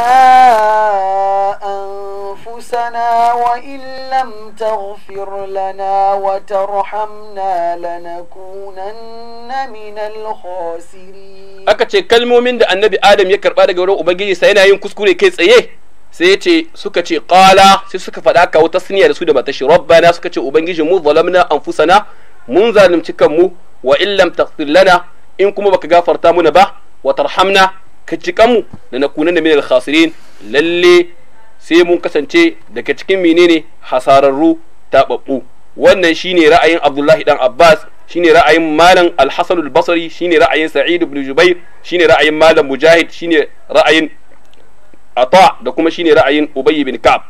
anfusana wa in lam taghfir lana wa tarhamna lanakunanna minal khasirin aka ce kalmomin da annabi adam ya karba daga wurin ubangiji sai yana yin kuskure kai tsaye sai ya ce suka ce ƙala sai suka faɗa kawo tasniya da su da matashi rabbana suka ce ubangiji mu zalamna anfusana mun zalunci kanmu wa illam taghfir lana in kuma baka gafarta muna ba wa tarhamna ka ci kanmu da na da min al-khasirin lalle sai mun kasance daga cikin menene hasararru ta tababbu wannan shine ra'ayin Abdullahi dan Abbas shine ra'ayin malam Al-Hasan al-Basri shine ra'ayin Sa'id ibn Jubair shine ra'ayin malam Mujahid shine ra'ayin ata da kuma shine ra'ayin ubay bin Ka'b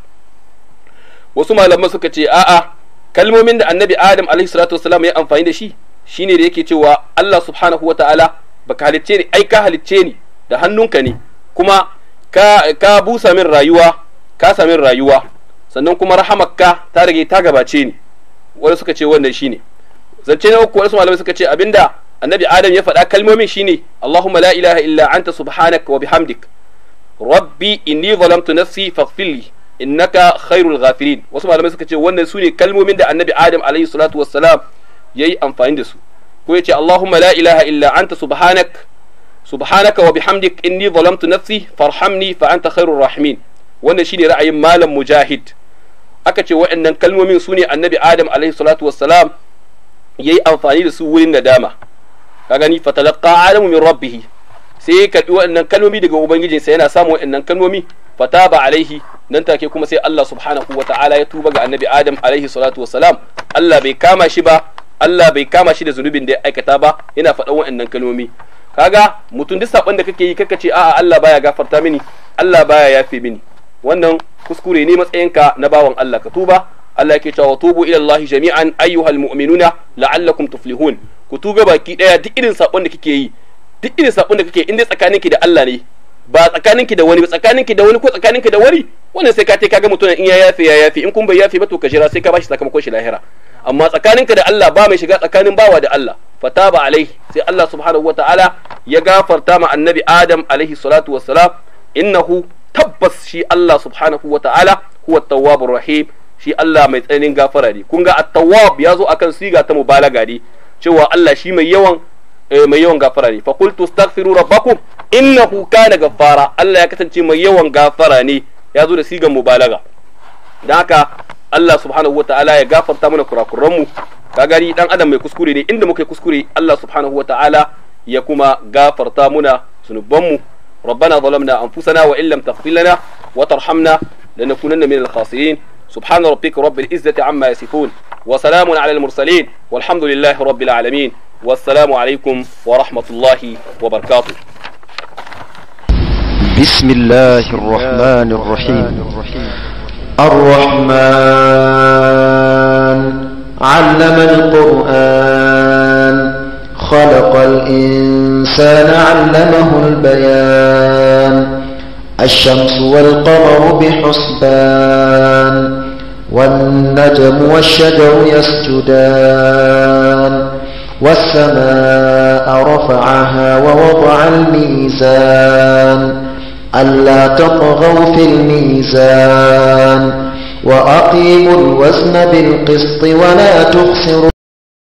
wasu malaman suka ce a'a kalmomin da annabi adam alaihi salatu wassalam ya amfani da shi shine da yake cewa Allah subhanahu wataala baka halicce ni ai ka halicce ni da hannunka ne kuma ka ka busa min rayuwa ka samin rayuwa sannan kuma rahamakka ta rage ta gabace ni wani suka ce wannan shine zance na uku wasu malamai suka ce abinda annabi adam ya faɗa kalmomin shine Allahumma la ilaha illa anta subhanaka wa bihamdika rabbi inni zalamtu nafsi faghfirli innaka khairul ghafirin wasu malamai suka ce wannan sune kalmomin da annabi adam alaihi salatu wassalam yayi amfani da su ko yace allahumma la ilaha illa anta subhanak subhanaka wa bihamdik inni zalamtu nafsi farhamni fa anta khairur rahimin wannan shine ra'ayin malam mujahid aka ce waɗannan kalmomin sune annabi adam alaihi salatu wassalam yayi amfani da su wurin nadama ka gani fatalaqa adamu min rabbihi sai ya karbi waɗannan kalmomi daga ubangijinsa yana samun waɗannan kalmomi ba alaihi nan take kuma sai Allah subhanahu wata'ala ya tuba ga annabi Adam alaihi salatu wassalam Allah bai kama shi ba Allah bai kama shi da zunubin da ya aikata ba yana faɗan waɗannan kalmomi kaga mutum duk saban da kake yi kaka ce a'a Allah baya gafarta mini Allah baya yafe mini wannan kuskure ne matsayinka na bawan Allah ka tuba Allah yake cewa tubu ila Allah jami'an ayyuhal mu'minuna la'allakum tuflihun ku tuba baki daya duk irin sabon da kake yi duk irin sabon da kake in dai tsakaninki da Allah ne ba tsakaninki da wani ba tsakaninki da wani ko tsakaninki da wani wannan sai ka te kaga mutum in ya yafe ya yafe in kun bai yafe ba to ka jira sai ka bashi sakamakon shi lahira amma tsakaninka da Allah ba mai shiga tsakanin bawa da Allah fataba alaihi sai Allah subhanahu wataala ya gafarta ma annabi Adam alaihi salatu wassalam innahu tabbas shi Allah subhanahu wataala huwa tawwabur rahim shi Allah mai tsananin gafara ne kun ga at-tawwab ya zo akan siga ta mubalaga ne cewa Allah shi mai yawan eh mai yawan gafara ne fa qultu astaghfiru rabbakum innahu kana fara Allah ya kasance mai yawan gafara ne ya zo da sigan mubalaga dan haka Allah subhanahu wataala ya gafarta mana kurakuran mu kagari dan adam mai kuskure ne inda muka kuskure Allah subhanahu wataala ya kuma gafarta muna sunuban mu ربنا ظلمنا أنفسنا وإن لم تغفر لنا وترحمنا لنكونن من الخاسرين سبحان ربك رب العزة عما يصفون وسلام على المرسلين والحمد لله رب العالمين والسلام عليكم ورحمة الله وبركاته بسم الله الرحمن الرحيم الرحمن علم القرآن خلق الإنسان علمه البيان الشمس والقمر بحسبان والنجم والشجر يسجدان والسماء رفعها ووضع الميزان ألا تطغوا في الميزان وأقيموا الوزن بالقسط ولا تخسروا